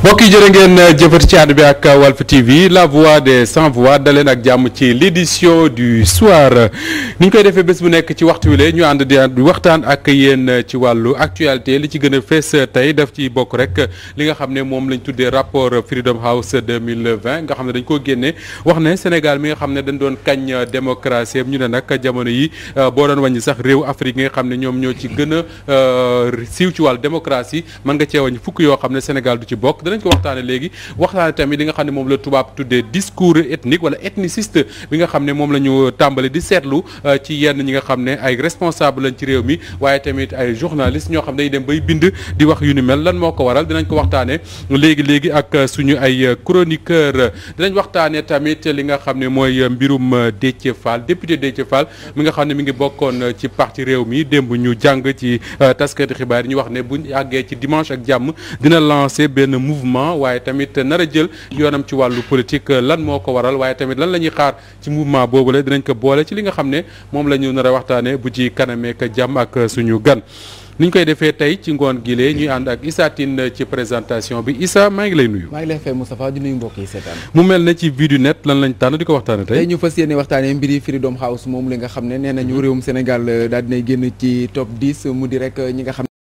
mbokk yi jërë ngeen jëfati ci ànd bi ak Walf TV la voix des sans voix daleen ak jàmm ci l'édition du soir ni ñu koy defee bés bu nekk ci waxtu wi la ñu ànd di waxtaan ak yéen ci wàllu actualité li ci gën a fees tey daf ci bokk rek li nga xam ne moom lañ tuddee rapport Freedom House 2020 nga xam ne dañ ko génnee wax ne Sénégal mi nga xam ne dañ doon kañ démocratie ñu ne nag jamono yi euh, boo doon wàññi sax réew Afrique yi nga xam ne ñoom ñoo ci gën a euh, siiw ci wàllu démocratie mën nga cee wàññi fukk yoo xam ne Sénégal du ci bokk dinañ ko waxtaane léegi waxtaane tamit li nga xam ne moom la tubaab tuddee discours ethnique wala ethniciste bi nga xam ne moom la ñu tàmbali di seetlu euh, ci yenn ñi nga xam ne ay responsable lañ ci réew mi waaye tamit ay journaliste ñoo xam ne dañuy dem bay bind di wax yu ni mel lan moo ko waral dinañ ko waxtaane léegi léegi ak suñu ay chroniqueur dinañ waxtaane tamit li nga xam ne mooy mbirum euh, Déthié Fall député Déthié Fall mi nga xam ne mi ngi bokkoon euh, ci ci réew mi bu ñu jàng ci taskati xibaar yi ñu wax ne buñ àggee ci dimanche ak jàmm mouvement waaye tamit nar a jël yoonam ci wàllu politique euh, lan moo ko waral waaye tamit lan la ñuy xaar ci mouvement boobule dinañ ko boole ci li nga xam ne moom la ñu nar a waxtaanee bu ci kanameek jàmm ak euh, suñu gan. ni ñu koy defee tey ci ngoon gilee ñuy ànd ak Issa Tine ci présentation bi Issa maa ngi lay nuyu. maa ngi lay fay Moustapha di nuyu mbokk yi seetaan. mu mel ne ci Vidu Net lan lañ tànn di ko waxtaanee a tey ñu fas yéene waxtaanee mbiri Freedom House moom li nga xam ne nee nañu réewum Sénégal euh, daal dinay mu di rek ñi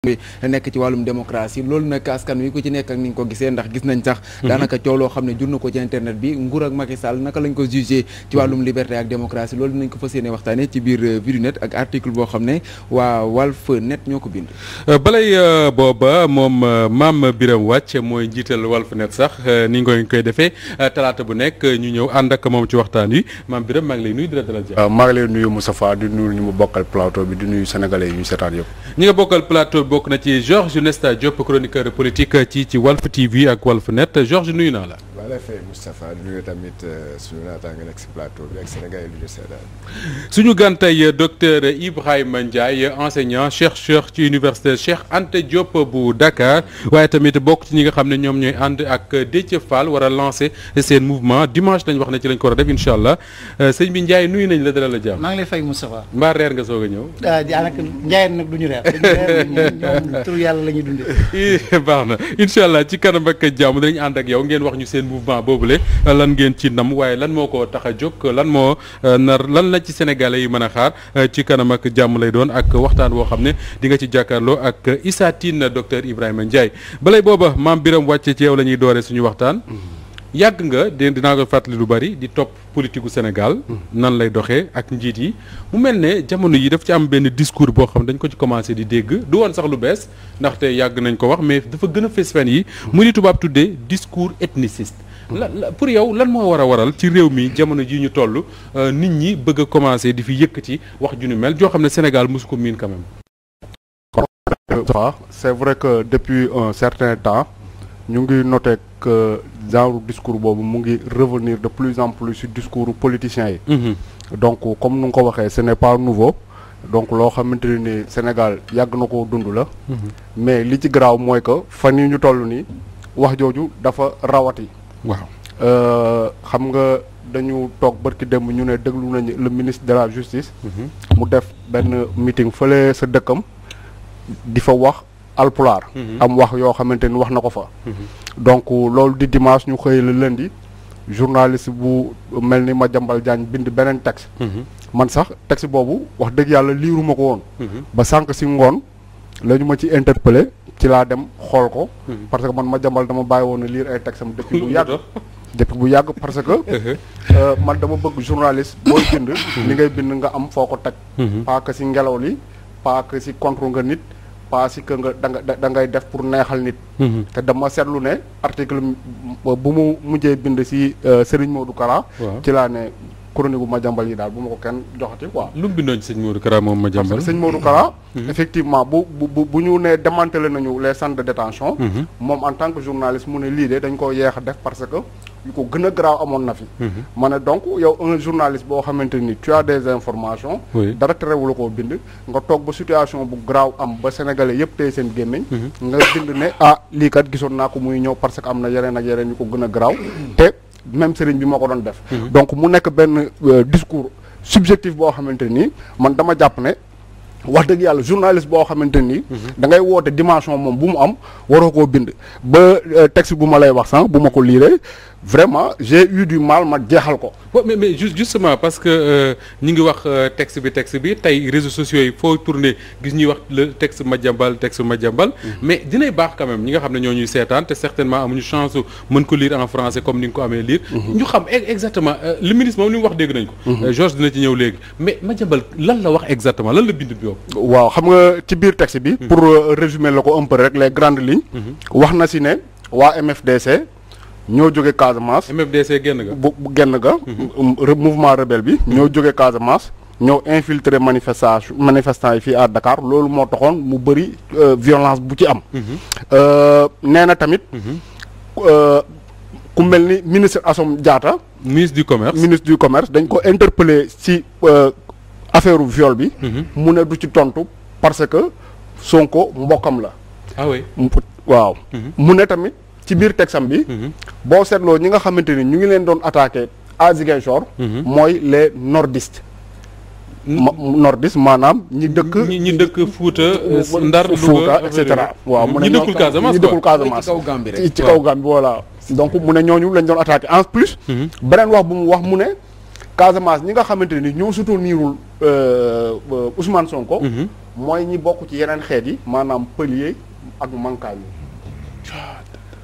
bi nekk ci wàllum démocratie loolu nag askan wi ku ci nekk ni ñu ko gisee ndax gis nañ sax mhm. daanaka coow loo xam ne jur na ko ci internet bi nguur ak i Sall naka lañ ko jugé ci mhm. wàllum liberté ak démocratie loolu dinañ ko fas yéene waxtaane ci biir euh, Virunet ak article boo xam ne waa Walf Net ñoo ko bind euh, balay euh, booba moom maam Biram Wàcc mooy njiital Walf Net sax ni nga koy defee talaata bu nekk ñu ñëw ànd ak moom ci waxtaan wi maam Biram maa ngi lay nuyu di la dalal jàmm maa ngi lay nuyu Moustapha di nuyu ñu bokkal plateau bi di nuyu sénégalais yi ñu bokk na ci Georges Nesta Diop chroniqueur politique ci ci Walf TV ak Walf Net Georges nuyu naa la. naa euh, la fay Moustapha nuyu tamit suñu naataange nekk si plateau bi ak Sénégal lu ñu seetaan. suñu gan tey docteur Ibrahima Ndiaye enseignant ci université Cheikh ante Diop bu Dakar waaye tamit bokk ci ñi nga xam ne ñoom ñooy ànd ak Déthié Fall war a lancer seen mouvement dimanche lañ wax ne ci lañ ko war a def incha allah euh, sëñ bi Ndiaye nuy nañ la dalal a jàmm. maa ngi fay Moustapha. mbaa reer nga soog a ñëw. Ah, ñu reer ñoom baax na incha allah ci kanam ak jàmm dinañ ànd ak yow ngeen wax ñu seen boobu le lan ngeen ci nam waaye lan moo ko tax a jóg lan moo euh, nar lan la ci sénégalais yi mën a xaar euh, ci kanam ak jàmm lay doon ak waxtaan woo xam ne di nga ci jàkkaarloo ak Issa Tine docteur Ibrahima Ndiaye balay booba maam Biram wàcce ci yow la ñuy dooree suñu waxtaan yàgg nga de dinaa ko fàttali lu bari di topp politique gu Sénégal nan lay doxee ak njiit yi mu mel ne jamono yi daf ci am benn discours boo xam ne dañ ko ci commencé di dégg du woon sax lu bees ndaxte yàgg nañ ko wax mais dafa gën a fes fen yi mu di tubaab tuddee discours ethniciste pour yow lan moo war a waral ci réew mi jamono ji ñu toll euh, nit ñi bëgg a commencé di fi yëkk ci wax ju ñu mel joo xam ne Sénégal mosu ko miin quand même. c'est vrai que depuis un certain temps ñu ngi noté que genre discours boobu mu ngi revenir de plus en plus sur discours politiciens yi. Mm donc comme nu nga ko waxee ce n'est pas nouveau. donc loo xamante ne ni Sénégal yàgg na ko dund la. Mhm. mais li ci garaaw mooy que fan yi ñu toll nii wax jooju dafa rawati. waaw euh, xam nga dañu toog barki démb ñu ne déglu nañu le ministre de la justice. Mhm. mu def benn meeting fële sa dëkkam di fa wax alpulaar. Mhm. am wax yoo xamante ni wax na ko fa. Mhm. donc loolu di dimanche ñu xëy la lundi journaliste bu mel ni ma jambal Diagne bind beneen texte. man sax texte boobu wax dëgg yàlla liiruma ko woon. ba sànq si ngoon. lañu ma ci interpellé ci laa dem xool ko. Hmm. parce que man ma jambal dama bàyyi woon a lire ay textes am depuis bu yàgg. depuis parce que. Euh, man dama bëgg journaliste booy bind. Hmm. li ngay bind nga am foo ko teg. Hmm. pas que si ngelaw li pas que si contre nga nit. pas si que nga da nga ngay def pour neexal nit. te dama seetlu ne article bu mu mujjee bind si euh, Serigne Modou Kara. ci laa ne. chronique bu Madiambal yi daal bu ma ko kenn joxati quoi. lu mu bindoon ci sëñ Modou Kara moom parce que sëñ Modou Kara. Mhm. Mhm. nañu les centres de détention mhm. moom tant que journaliste mu ne dañ ko yeex a def parce que yu ko gën a garaaw amoon na fi. ma ne donc yow un journaliste boo xamante ni tu as des informations. dara terewul koo bind. nga toog ba situation bu garaaw am ba sénégalais yëpp tey seen gémmiñ. nga bind ne ah lii gisoon naa ko muy ñëw parce que am na yeneen ak yeneen yu ko gën a garaaw te. même sëriñ bi moo ko doon def. Mhm. donc mu nekk benn euh, discours subjectif boo xamante nii man dama jàpp ne. wax dëgg yàlla journaliste boo xamante nii mhm. da ngay woote dimension moom bu mu am waroo koo bind ba euh, texte bu ma lay wax sànq bu ma ko liiree vraiment j'ai eu du mal ma jeexal ko. mais mais justement parce que euh, ñi ngi wax euh, texte bi texte bi tey réseaux sociaux yi foo tourner gis ñuy wax le texte Madiambal texte Madiambal. Mhm. mais dinay baax quand même ñi nga xam ne ñoo ñuy seetaan te certainement amuñu chance mën ko lire en français comme ni nga ko amee lire. Mhm. ñu xam e-, exactement euh, le ministre moom li mu wax dégg nañ ko. Mhm. Georges dina ci ñëw léegi mais Madiambal lan la wax exactement lan la bindu bi waaw xam nga ci biir texte bi. pour résumer la ko un peu rek les grandes lignes. wax na si ne waa MFDC. ñoo jóge Casamance. MFDC génn ga bu génn ga. Mhm. mouvement rebelle bi. ñoo jóge Casamance. ñoo infiltrer manifestation manifestant yi fii à Dakar loolu moo taxoon mu bëri euh, violence bu ci am. Mhm. Euh, nee na tamit. Mhm. Euh, ku mel ni ministre Assome jaata ministre du commerce ministre du commerce dañ ko interpellé ci affaire viol bi. mu ne du ci tontu parce que Sonko mbokkam la. ah waaw mu ne tamit. ci biir texam bi. Mhm. boo seetloo ñi nga xamante ni ñu ngi leen doon attaqué à Ziguinchor. Mhm. mooy les nordistes. nordiste maanaam ñi dëkk. ñi dëkk Fouta. Ndar Louga et cetera. waaw mu ne ñi dëkkul Casamance ñi dëkkul Casamance ci kaw Gambie rek ci kaw Gambie voilà. donc mu ne ñooñu lañ doon attaqué en plus. Mhm. beneen wax bu mu wax mu ne. Casamance ñi nga xamante ni ñoo soutenirul euh, Ousmane Sonko. mooy ñi bokk ci yeneen xeet yi maanaam pëlier ak mankaay yi.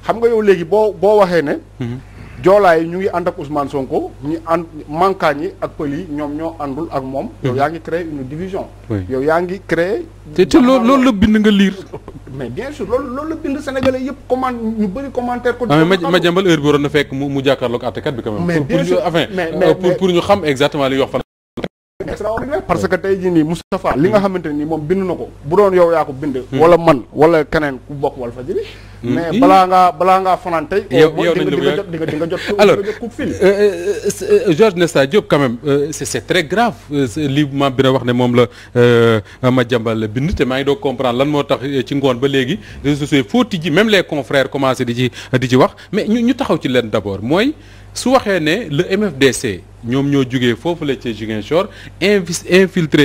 xam nga yow léegi boo boo waxee ne. Mhm. joolaa yi ñu ngi ànd ak son Sonko ñu ànd mankaañ yi ak pël yi ñoom ñoo àndul ak moom. Mhm. yow yaa ngi créé une division. yow yaa ngi créé. te te loolu la bind nga liir. mais bien sûr loolu la bind sénégalais yëpp comment ñu bëri commentaire. ko ah, mais ma jàmbal bi waroon na fekk mu mu jàkkaarloog àttekat bi quand mais bien sûr pour pour ñu xam exactement li wax fan. extraordinaire parce que tey jii nii Moustapha li nga mhm. xamante nii moom bind na ko bu doon yow yaa ko bind. wala man wala keneen ku bokk Walfadjri mais hmm. balaa ngaa balaa ngaa fanaan tey. yow yow nañu la di nga di nga jot alors euh, euh, euh, Georges Nesta Diop quand même c'est c'est très grave li ma bi na wax ne moom la ma Madiambal bindu te maa ngi doo comprendre lan moo tax ci ngoon ba léegi réseaux sociaux foo tijji même les confrères commencé di ci di ci wax mais ñu ñu taxaw ci leen d'abord mooy. su waxee ne le MFDC ñoom ñoo jugee foofu la ci Ziguinchor infiltré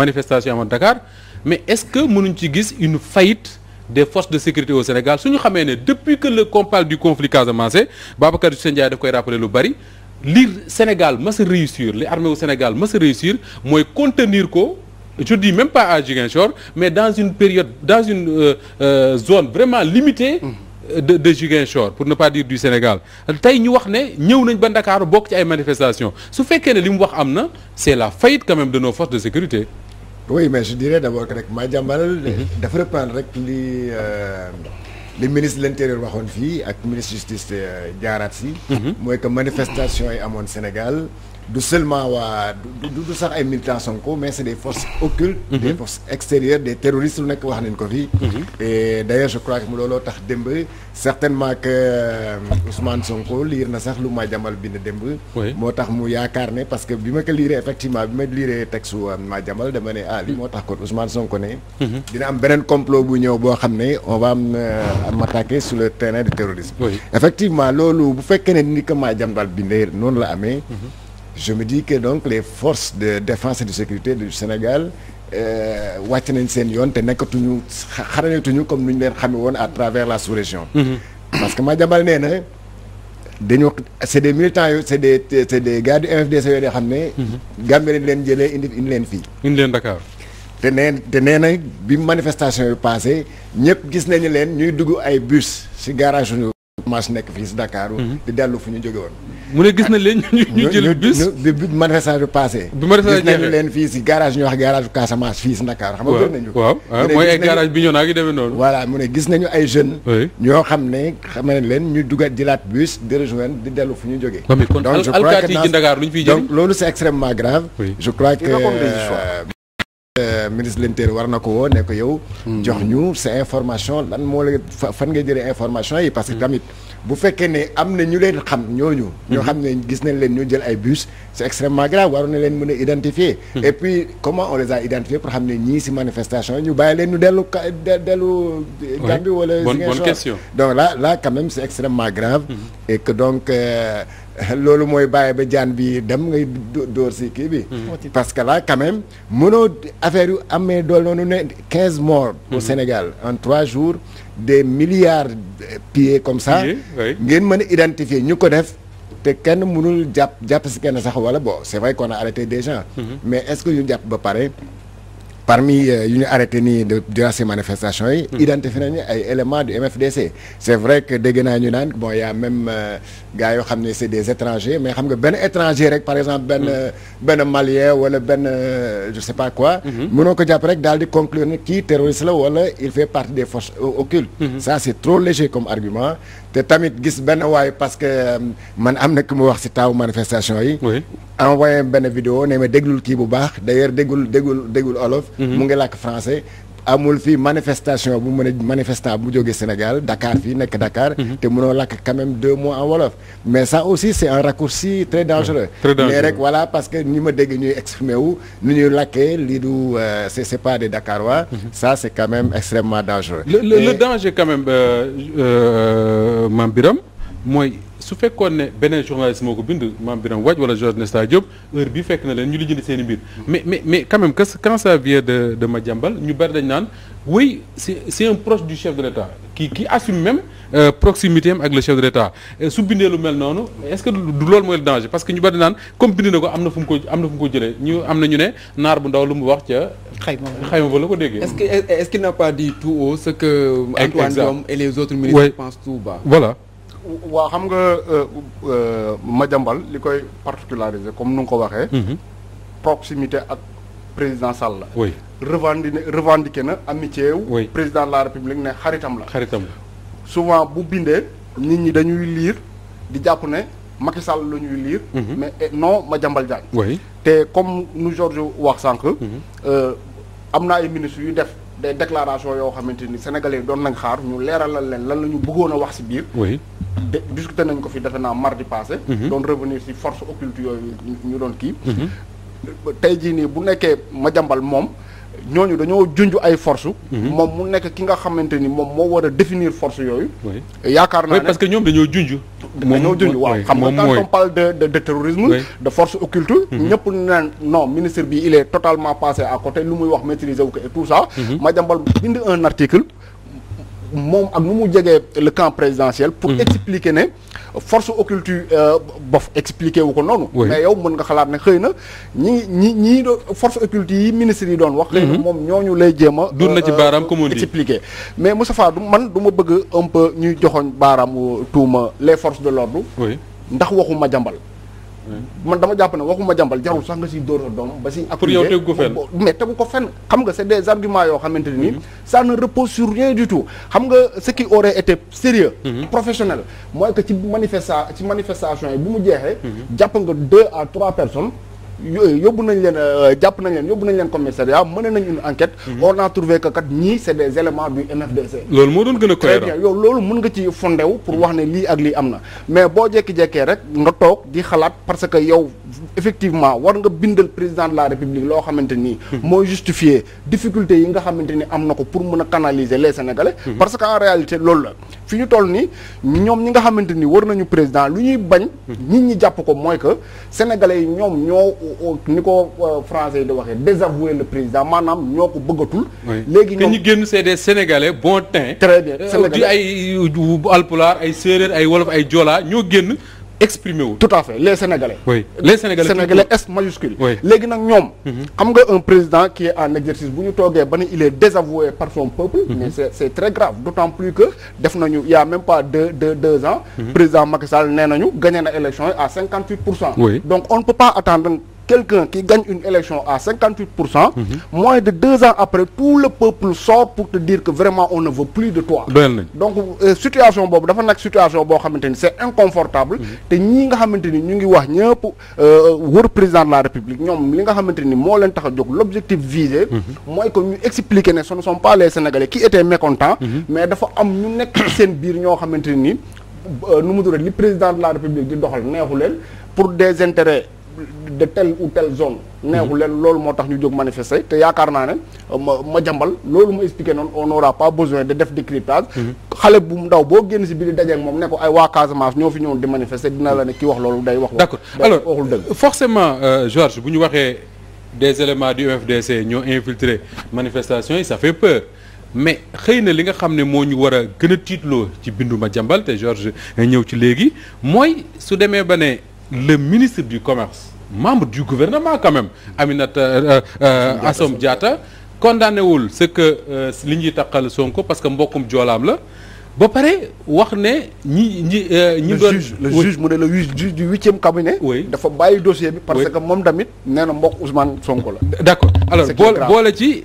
manifestation amoon Dakar mais est-ce que mënuñ ci gis une faillite des force de sécurité au Sénégal su ñu xamee ne depuis que le compas du conflit casamançais Babacar Diagne Ndiaye daf koy rappeler lu bari li Sénégal ma a réussir li armée au Sénégal mas mooy contenir ko je même pas à Ziguinchor mais dans une période dans une euh, euh, zone vraiment limitée. Mmh. de de Ziguinchor pour ne pas dire du Sénégal tey ñu wax ne ñëw nañ ba Ndakaaru bokk ci ay manifestation su fekkee ne li mu wax am na c'est la fait quand même de nos forces de sécurité. oui mais je dirais d'abord que rek Madiambal dafa reprendre rek li euh, li ministre de l'intérieur waxoon fii ak ministre justice euh, jaaraat si mhm. mooy que manifestation yi amoon Sénégal du seulement waa du du sax ay militants Sonko mais c'est des forces occultes mhm. des forces extérieures des terroristes lu nekk wax nañ ko fii mhm. et d'ailleurs je crois que mu looloo tax démb certainement que euh, Ousmane Sonko liir na sax lu ma jambal bind démb moo tax mu yaakaar ne parce que bi ma ko liiree effectivement bi ma liiree texte euh, ma jambal dama ne ah li mhm. moo tax kon Ousmane Sonko ne dina am beneen complot bu ñëw boo xam ne on va am euh, attaquer sur le terrain du terrorisme effectivement loolu bu fekkee ne ni ko ma jambal bindee noonu la amee je me dis donc les forces de défense et de sécurité du Sénégal euh, wàcc nañ seen yoon te nekkatuñu xarañatuñu comme nu ñu leen xamee woon à travers la sous-région. Mhm. parce que nee na dañu c'est des militants yooyu c'est des c'est des gars du MFDC yooyu yoo xam ne. Mhm. Gambie leen jëlee indi indi leen fii. indi leen Dakar. te nee te nee na bi manifestation yu passé ñëpp gis nañu leen ñuy dugg ay bus ci garage yu marché nekk fii ci Dakar. Mhm. di dellu fu ñu jóge woon. mu ne gis na leen ñu ñu jël bus bi bi manifestation bi passé bi gis nañu leen fii si garage ñu wax garage Casamance fii si Dakar xam nga gën nañu waaw mooy demee noonu voilà mu ne gis nañu ay jeunes ñoo xam ne xam ne leen ñu dugat jëlaat bus di rejoindre di dellu fu ñu jógee donc je crois que donc loolu c'est extrêmement grave je crois que Euh, ministre de l'intérieur war na ko woo ne ko yow. Hmm. jox ñu sa information lan moo la fan nga jëlee information yi parce que hmm. tamit. bu fekkee ne am na ñu leen xam ñooñu. ñoo hmm. xam ne gis nañ leen ñu jël ay bus. c'est extrêmement grave waroon na leen mën a identifier. et puis comment on les a identifiés pour xam ne ñii si manifestation ñu bàyyi leen ñu dellu ka dellu. Gambie wala. bonne bonne question donc là là quand c'est extrêmement grave. et que donc. Euh, loolu mooy bàyyi ba jaan bi dem ngay dóor si kii bi. Mm-hmm. parce que là quand mënoo affaire yu amee dool noonu ne quinze morts. au mm-hmm. Sénégal en trois jours des milliards pillés comme ça. ngeen mën identifier ñu ko def. te kenn mënul jàpp jàpp si kenn sax wala bon c'est vrai qu'on a des gens. Mm-hmm. mais est-ce que ñu jàpp ba pare. parmi euh, yu ñu arrêté nii durant ces manifestations yi. Hmm. identifié nañu ay éléments du MFDC. c' est vrai que dégg naa ñu naan bon y' a même euh, yoo xam ne c' est des étrangers mais xam nga benn étranger rek par exemple. benn hmm. benn malien wala benn euh, je sais pas quoi. Hmm. mënoo ko jàpp rek daal di conclure ne kii terroriste la wala il fait partie des forces occultes. ça c' est trop léger comme argument. te tamit gis benn waay parce que man am na ku mu wax si taw manifestation yi. envoyé benn vidéo ne ma déglul kii bu baax d'ailleurs déggul déggul déggul olof. Mhm. mu ngi lakk français. amul fii manifestation bu mën a manifesta bu jógee Sénégal Dakar fii nekk Dakar. Mhm. te mënoo làkk quand même deux mois en wolof. mais ça aussi c' est un raccourci très dangereux. très dangereux. mais rek voilà parce que ñi ma dégg ñuy exprimer wu nu ñuy làkkee lii du euh, c' est pas des Dakarois. Mhm. ça c' est quand même extrêmement dangereux. le le, Et... le danger quand même euh, euh, mooy su fekkoon ne beneen journaliste moo ko bind maam Birame Wathie wala Georges Nesta Diop heure bi fekk na leen ñu lijjanti seen i mbir. Hmm. mais mais mais quand même que quand ça vient de ñu bari dañ naan oui c'est c'est un proche du chef de l'État qui qui assume euh, ak le chef de l'État euh, su bindee lu mel noonu est-ce que du loolu mooy le danger parce que ñu bari naan comme bind na ko am na fu ko am na fu mu ko jëlee ñu am na ñu ne naar bu ndaw lu mu wax ca. xayma xayma ba la ko déggee. est-ce que est-ce qu'il les autres ministres pensent tout bas. voilà. waa xam nga ma euh, euh, Madiambal li koy particularisé comme nu nga ko waxee. Mhm. proximité ak président Sall la. oui revendiqué na amitié wu. oui président la république ne xaritam la. xaritam la souvent bu bindee nit ñi dañuy liir di jàpp ne Macky Sall la ñuy liir. Mhm. mais eh, non Madiambal Diagne. oui te comme nu Georges wax sànq. Mhm. Euh, am na ay ministres yu def. des déclarations yoo xamante ni sénégalais yi doon nañ xaar ñu leeralal leen lan la ñu bëggoon a wax ci biir. oui de discuté nañ ko fi defe naa mardi passé. Mhm. doon revenir ci force occulte yooyu ñu doon kii. Mhm. tey jii nii bu nekkee ma jàmbal moom. ñooñu dañoo junj ay force mhm. moom mu nekk ki nga xamante ni moom moo war a définir force yooyu. yaakaar naa ne parce que ñoom dañoo junj. dañoo junj waaw xam nga quand on parle de de de terrorisme. de force occulte. Mhm. ñëpp naan non ministre bi il est totalement passé à côté lu muy wax maîtriser wu ko et tout ça. Mhm. ma jàmbal bind un article. moom ak nu mu jegee le camp présidentiel pour mm-hmm. expliquer ne force occulte euh, bof expliquer wu ko noonu mais yow mën nga xalaat ne xëy na ñi ñi ñii force occulte yi ministre yi doon wax xëy na mm-hmm. moom ñu lay jéem a dur na ci euh, baaraam comme on dit expliquer mais Moustapha du man duma bëgg un peu ñuy joxoñ baaraam tuuma les force de l'ordre ndax waxuma jambal man dama jàpp ne waxuma jàmbal jarul sax nga si dóor sa doom ba siy accuser mais tegu ko fenn xam nga c'est des arguments yoo xamante ni mhm. ça ne repose sur rien du tout xam nga ce qui aurait été sérieux mhm. professionnel mooy que ci manifesta ci manifestation yi bu mu jeexee mhm. jàpp nga deux à trois personnes yóbbu nañ leen euh, jàpp nañ leen yóbbu nañ leen commissariat mën nañ une enquête mhm. on a trouvé que kat ñii c'est des éléments du MFDC loolu moo doon gën a cohérent wax ne lii ak lii am na mais boo jekki-jekkee rek nga toog di xalaat parce que yow effectivement war nga bindal président de la république loo xamante nii mhm. mooy justifier difficulté yi nga xamante ni am na ko pour mën a canaliser les sénégalais mhm. parce que en réalité loolu la fi ñu toll nii ñoom ñi nga xamante ni war nañu président lu ñuy bañ nit ñi jàpp ko mooy que sénégalais yi ñoom ñoo ni ko euh, français yi di waxee désavouer le président maanaam ñoo ko bëggatul. léegi ñoom te ñu génn c'est des sénégalais bon teint. très bien euh, sénégalais ay alpulaar ay ay wolof ay joolaa ñoo génn exprimer wu. tout à fait les sénégalais. oui les sénégalais sénégalais S majuscule. léegi nag ñoom. Mhm. xam nga un président qui en exercice bu ñu toogee ba ne il est désavoué par son peuple. Mhm. mais c' très grave d' autant plus que def nañu il y a même pas deux deux deux ans. Mhm. président Macky nee nañu gagné na élection yi à cinquante pour cent. quelqu'un qui gagne une élection à cinquante 58 pour cent mhm. moins de deux ans après tout le peuple sort pour te dire que vraiment on ne veut plus de toi donc euh, situation boobu dafa nag situation boo xamante ni c'est inconfortable mhm. te ñii nga xamante ni ñu ngi wax ñëpp euh, wër président de la république ñoom li nga xamante ni moo leen tax a jóg l'objectif visé mhm. mooy que ñu expliquer ne son ne sont pas les sénégalais qui étaient mécontents mais dafa am ñu nekk seen biir ñoo xamante ni euh, nu mu tuddee li président de la république di doxal neexu leen pour des intérêts de telle ou telle zone neexu leen loolu moo tax ñu jóg manifester te yaakaar naa ne ma ma jàmbal loolu ma expliqué noonu on aura pas besoin de def décryptage mm-hmm. xale bu ndaw boo génn si biir dajeeg moom ne ko ay waa Casamance ñoo fi ñëwoon di manifester dina la ne ki wax loolu day wax d'accord alors waxul dëgg forcément euh, Georges bu ñu waxee des éléments du UFDC ñoo infiltré manifestation yi ça fait peur mais xëy na li nga xam ne moo ñu war a gën tiitloo ci bindu ma jàmbal te Georges ñëw ci léegi mooy su demee ba ne le ministre du commerce membre du gouvernement quand même Aminata euh, euh, Assom Diatta condamné wul ce que euh, li ñuy taqal Sonko parce que mbokkum joolaam la ba pare wax ne ñi ñi euh, ñi doon le juge mu ne le juge du huitième cabinet dafa bàyyi dossier bi parce que moom tamit nee na mbokk Ousmane Sonko la d'accord alors boole ci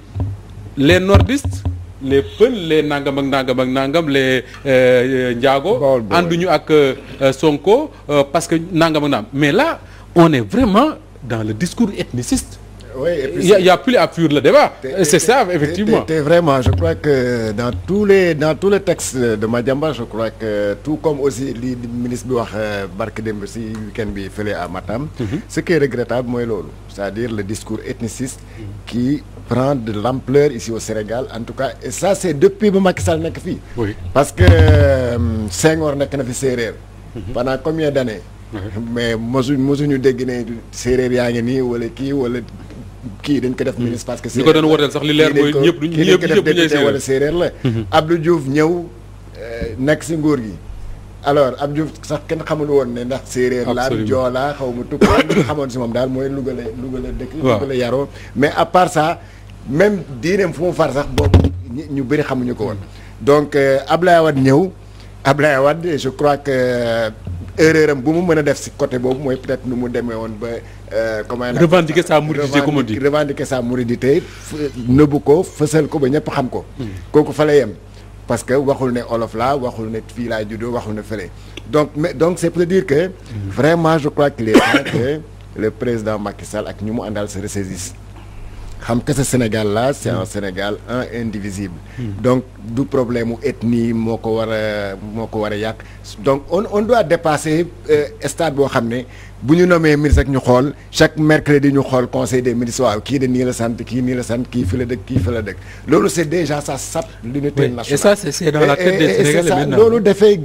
les nordistes les pël les nangam ak nangam ak nangam le euh, njaago ànduñu ak euh, Sonko euh, parce que nangam ak nangam mais là on est vraiment dans le discours ethniciste oui et puis y a, plus à fuir le débat. c'est ça effectivement. vraiment je crois que dans tous les dans tous les textes de Madiambal je crois que tout comme aussi li ministre bi wax euh, barke démb si week-end bi fële à Matam. Mhm. ce qui est regrettable mooy loolu. c'est-à-dire le discours ethniciste. qui prend de l'ampleur ici au Sénégal en tout cas et ça c'est depuis ba Macky Sall nekk fii. oui parce que euh, Senghor nekk na fi séeréer. Mhm. pendant combien d'années. mais mosu mosuñu dégg ne séeréer yaa ngi nii wala kii wala. kii dañ ko def ministre parce que. ñu ko doon woteel sax li leer séeréer la. Mhm. Abdou Diouf ñëw euh, nekk si nguur gi. alors Abdou Diouf sax kenn xamul woon ne ndax séeréer laa joolaa xaw ma tukk li xamoon si moom daal mooy Louga la Louga la dëkk Louga la yaroo mais à part ça même diineem fu mu far sax boobu ñu bëri xamuñu ko woon mhm. donc euh, Ablaye Wade ñëw Ablaye Wade je crois que euh, erreur am bu mu mën a def si côté boobu mooy peut-être nu mu demee woon ba. Euh, comment dire revendiquer sa mouridité comme on dit revendiquer sa mouridité nëbbu ko fësal ko ba ñëpp xam ko. Hmm. kooku fa la yem. parce que waxul ne olof laa waxul ne fii laa juddoo waxul ne fële donc mais donc c'est pour dire que. Hmm. vraiment je crois qu'il est temps que le président Macky Sall ak ñu mu àndal se ressaisissent. xam que ce Sénégal la c'est un Sénégal un indivisible. Hmm. donc du problème mu ethnie moo ko war a moo ko war a yàq donc on on doit dépasser euh, stade boo xam ne. bu ñu nommee ministre ak ñu xool chaque mercredi ñu xool conseil des ministres waaw kii de nii la sant kii nii la sant kii fi la dëkk kii fi la dëkk loolu c'est déjà ça sape l'unité nationale et ça c'est dans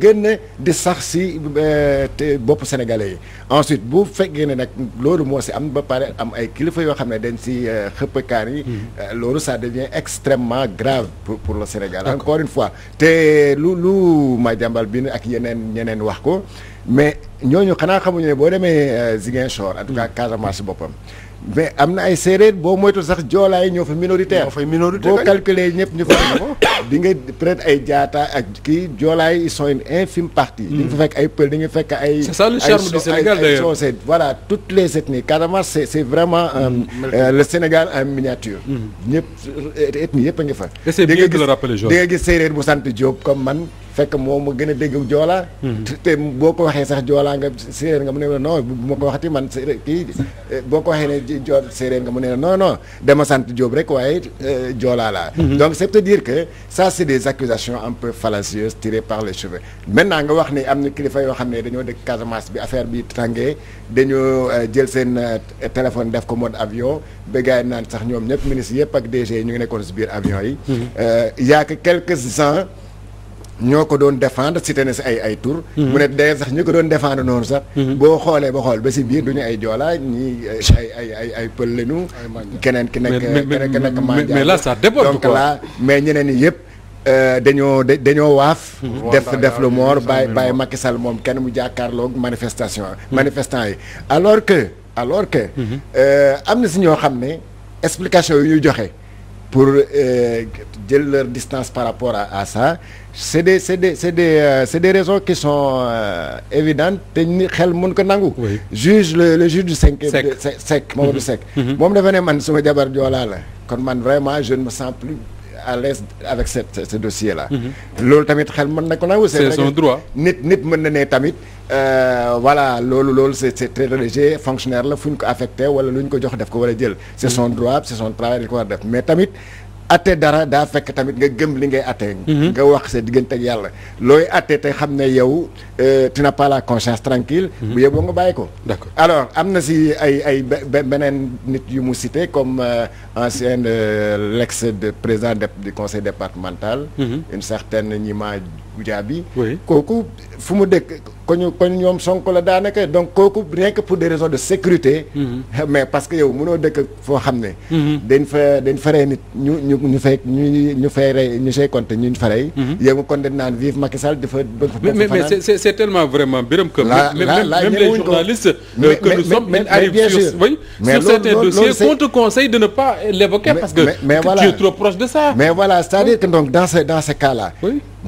gën a di sax si euh, bopp sénégalais yi ensuite bu fekkee ne loolu moo si am ba pare am ay kilifa yoo xam ne dañ si euh, xëppkaan yi mhm. euh, loolu ça devient extrêmement grave pour pour le Sénégal encore une fois te lu lu Madiambal bi ak yeneen ñeneen wax ko mais ñooñu xanaa xamuñu ne boo demee euh, Ziguinchor en tout cas Casamance boppam mais am na ay séeréer boo moytu sax joolaay ñoo fa minoritaire boo calculer ñëpp ñu fa di nga peut-être ay jaata ak kii joolaay ils sont une infime partie. di nga fa hmm. fekk ay pël di fekk ay. c'est ça le charme du Sénégal voilà toutes les ethnies Casamance c'est c'est vraiment euh, hmm. euh, le Sénégal en miniature. Hmm. ñëpp ethnie yëpp a ngi fa. di nga gis di nga gis séeréer bu sant Diop comme man. fekk moom ma gën a dégg joolaa te boo ko waxee sax joolaa nga séeréer nga mu ne la non bu ma ko waxati man séeréer kii eh, boo ko waxee ne jo séeréer nga mu ne la non non dama sant Diop rek waaye eh, joolaa laa donc c'est à dire que ça c'est des accusations un peu fallacieuses tirées par les cheveux maintenant nga wax ni am na kilifa yoo xam ne dañoo dëkk Casamance bi affaire bi tàngee dañoo euh, jël seen euh, téléphone def ko mode avion ba gars naan sax ñoom ñëpp ministre yëpp ak DG ñu ngi nekkoon si biir avion yi. Mm-hmm. Euh, y a que quelques ñoo ko doon si te na si ay ay tur mhm. mu ne day sax ñu ko doon défendre noonu sax mhm. boo xoolee ba xool ba si biir du ñu ay joolaa ñi ay ay ay ay pël lañu keneen ki nekk keneen ki nekk manjaan mais là ça déborde donc là mais ñeneen yi yëpp euh, dañoo dañoo waaf mhm. def def lu moor bàyyi bàyyi Macky Sall moom kenn mu jàkkaarloog manifestation manifestant yi alors que alors que euh, am na si ñoo xam ne explication yi ñuy joxe pour euh, jël leur distance par rapport à, à ça c'est des c'est des c'est des euh, c'est des raisons qui sont euh, évidentes te ni xel mën ko nangu juge le, le juge du cinq sec Mamadou mhm. Seck mhm. moom dafa ne man suma jabar joolaa la kon man vraiment je ne me sens plus à l'aise avec cette ce dossier là. Mhm. loolu tamit xel man na ko na c'est nit nit mën na ne tamit euh, voilà loolu loolu c'est c'est très léger fonctionnaire la fu ñu ko affecté wala lu ñu ko jox def ko wala jël. c'est mhm. son droit c'est son travail di ko war def mais tamit. atte dara daa fekk tamit nga gëm li ngay atte mhm. nga wax sa diggante ak yàlla looy atte te xam ne yow euh, tu n'as pas la conscience tranquille mhm. bu yeboo nga bàyyi ko d'accord alors am na si ay ay beneen nit yu mu cité comme euh, ancien euh, l'ex de président du conseil départemental mhm. une certaine Gnima Goudiaby kooku fu mu dëkk koñu koñ ñoom Sonko la daanaka donc kooku rien que pour des raisons de sécurité. Mm-hmm. mais parce que yow mënoo dëkk foo xam ne. Mm-hmm. dañ fa dañ fa nit ñu ñu fay rey ñu say compte ñu fa rey. kon mm-hmm. dañ naan vive Macky Sall dafa bëgg. mais mais c'est c'est tellement vraiment biram que. la la la même les journalistes. Euh, que nous sommes arrivent sur oui sur certains dossiers on te conseille de ne pas l'évoquer parce que mais voilà cest que donc dans cas-là.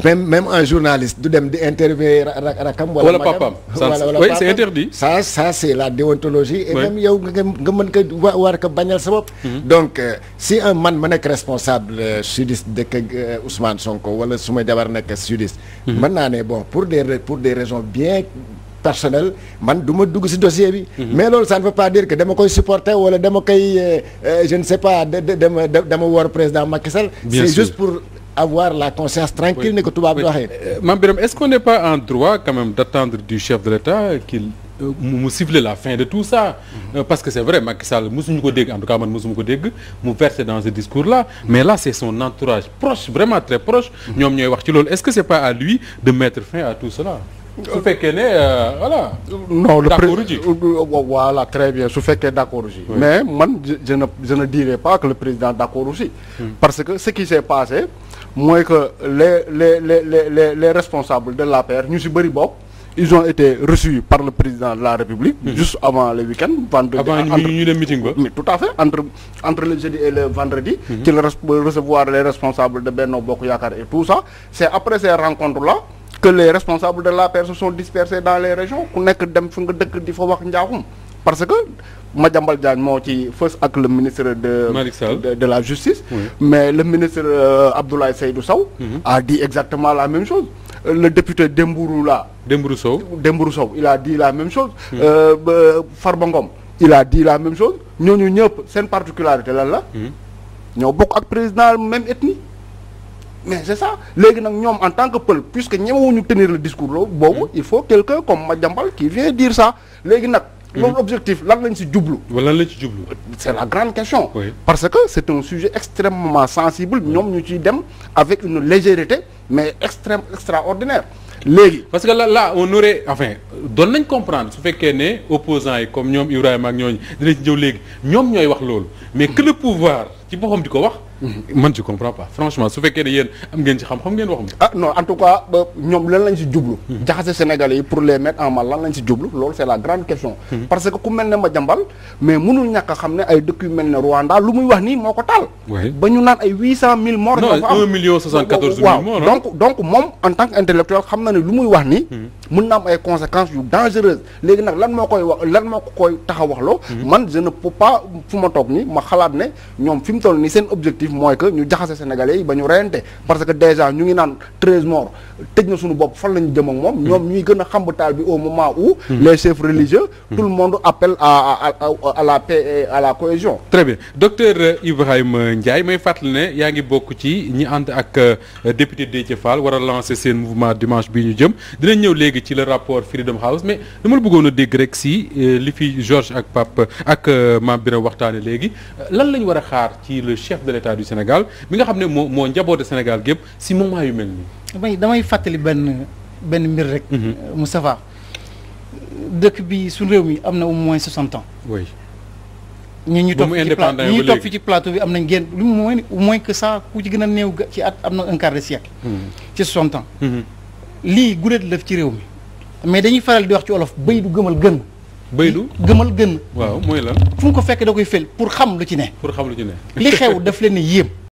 même un journaliste du dem di interviewer rakam wala. wala papaam oui c'est interdit ça ça c'est la déontologie et même yow nga nga mën ko war ko bañal sa mhm. donc euh, si un man ma nekk responsable euh, sudiste dëkk euh, Ousmane Sonko wala su ma jabar nekk sudiste mhm. mën naa ne bon pour des pour des raisons bien personnel man du ma dugg si dossier bi. Mhm. mais loolu ça ne veut dire que dama koy supporter wala dama koy je ne sais pas dama dama war président Macky Sall. c'est juste pour avoir la conscience tranquille ne ko tubaab di waxee. Euh, Mame Birame est-ce qu'on n'est pas en droit quand même d'attendre du chef de l'État qu'il euh, mu la fin de tout ça. Mm-hmm. Euh, parce que c'est vrai Macky Sall mosuñu ko dégg en tout la man mosuma ko mm-hmm. mais là c'est son entourage proche vraiment très proche. Mm-hmm. ñoom ñooy wax ci loolu est-ce que c'est pas à lui de mettre fin à tout cela. su fekkee ne voilà. mais man je ne je pas que le président d'accord aussi. Mm. parce que ce qui s'est passé. mooy que les les les les les les responsables de l'APR ñu si bëri bokk ils ont été reçus par le président de la République. Mmh. juste avant le week-end. vendredi avant ñu dem meeting tout à fait entre entre le jeudi et le vendredi. Hmm. ci recevoir les responsables de Benno Bokk Yaakaar et tout ça c'est après ces rencontres la que les responsables de l'APR se sont dispersés dans les régions ku nekk dem fi nga dëkk di fa wax njaaxum parce que Madiambal Diagne moo ci fës ak le ministre de Malick Sall de, de la justice mais le ministre euh, Abdoulaye Seydou Sow mm a dit exactement la même chose euh, le député Dembourou la Dembourou Sow Dembourou Sow il a dit la même chose mm -hmm. euh, euh Ngom il a dit la même chose ñooñu ñëpp seen particularité lan la mhm. ñoo bokk ak président même ethnie mais c'est ça léegi nag ñoom en tant que pël puisque ñemewuñu tenir le discours loolu boobu mhm. il faut quelqu'un comme Madiambal qui vient dire ça léegi nag loolu mhm. objectif lan lañ si jublu. wala lan lañ si jublu. c' la grande question. parce que c' est un sujet extrêmement sensible ñoom ñu ciy dem avec une légèreté mais extrême extraordinaire léegi. parce que là la on aurait enfin doon nañ comprendre su fekkee ne opposants yi comme ñoom Ibrahima ak ñooñu dinañ ci jëw léegi ñoom ñooy wax loolu mais que le pouvoir ci boppam di ko wax. man je comprends pas franchement su fekkee ne yéen am ngeen ci xam-xam ngeen wax ma ah non en tout cas ñoom lan lañ si jublu hmm. jaxase sénégalais yi pour les mettre en mal lan lañ si jublu loolu c'est la grande question hmm. parce que ku mel ne Madiambal mais mënul ñàkk a xam ne ay dëkk yu mel ne Rwanda lu muy wax nii moo ko taal ba ñu naan ay huit cent mille morts dafa am un million soixante-quatorze mille morts donc donc moom en tant que intellectuel xam na ne lu muy wax nii hmm. mën na am ay conséquences yu dangereuses léegi nag lan moo koy wax lan moo ko koy tax a waxloo man je ne ma toog nii ma xalaat ne ñoom fi mu toll nii seen objectif mooy que ñu jaxase sénégalais yi ba ñu reyante parce que déjà ñu ngi naan treize morts tëj na suñu bopp fan la ñu jëm moom ñoom ñuy gën a xamb taal bi au moment où hmm. les chefs religieux hmm. tout le monde appelle à à à la paix et à la cohésion très bien docteur Ibrahima Ndiaye may fàttali ne yaa ngi bokk ci ñi ànd ak euh, député Déthié Fall war a lancer seen mouvement dimanche bi ñu jëm dinañ ñëw léegi ci le rapport Freedom House mais dama ma bëggoon a dégg rek si euh, li fi Georges ak Pape ak euh, Mame Birame waxtaane léegi lan lañ war a xaar ci le chef de l'État état du Sénégal mi nga xam ne moo moo njaboote Sénégal gépp si moment yu mel nii. damay damay fàttali benn benn mbir rek. Mhm. Euh, Moustapha dëkk bi suñu réew mi am na au moins 60 ans. oui ñi ñu topp ci plateau ci plateau bi am nañ génn lu mu mooy au moins que ça ku ci gën a néew ci at am na un quart de siècle. Mhm. ci 60 ans. Mhm. lii guddee la def ci réew mi mais dañuy faral di wax ci olof béy du gëmal gën. Baydu gëmal gën. waaw mooy lan fu mu ko fekkee da koy fël pour xam lu ci ne. pour xam lu ci ne. li xew daf leen yéem.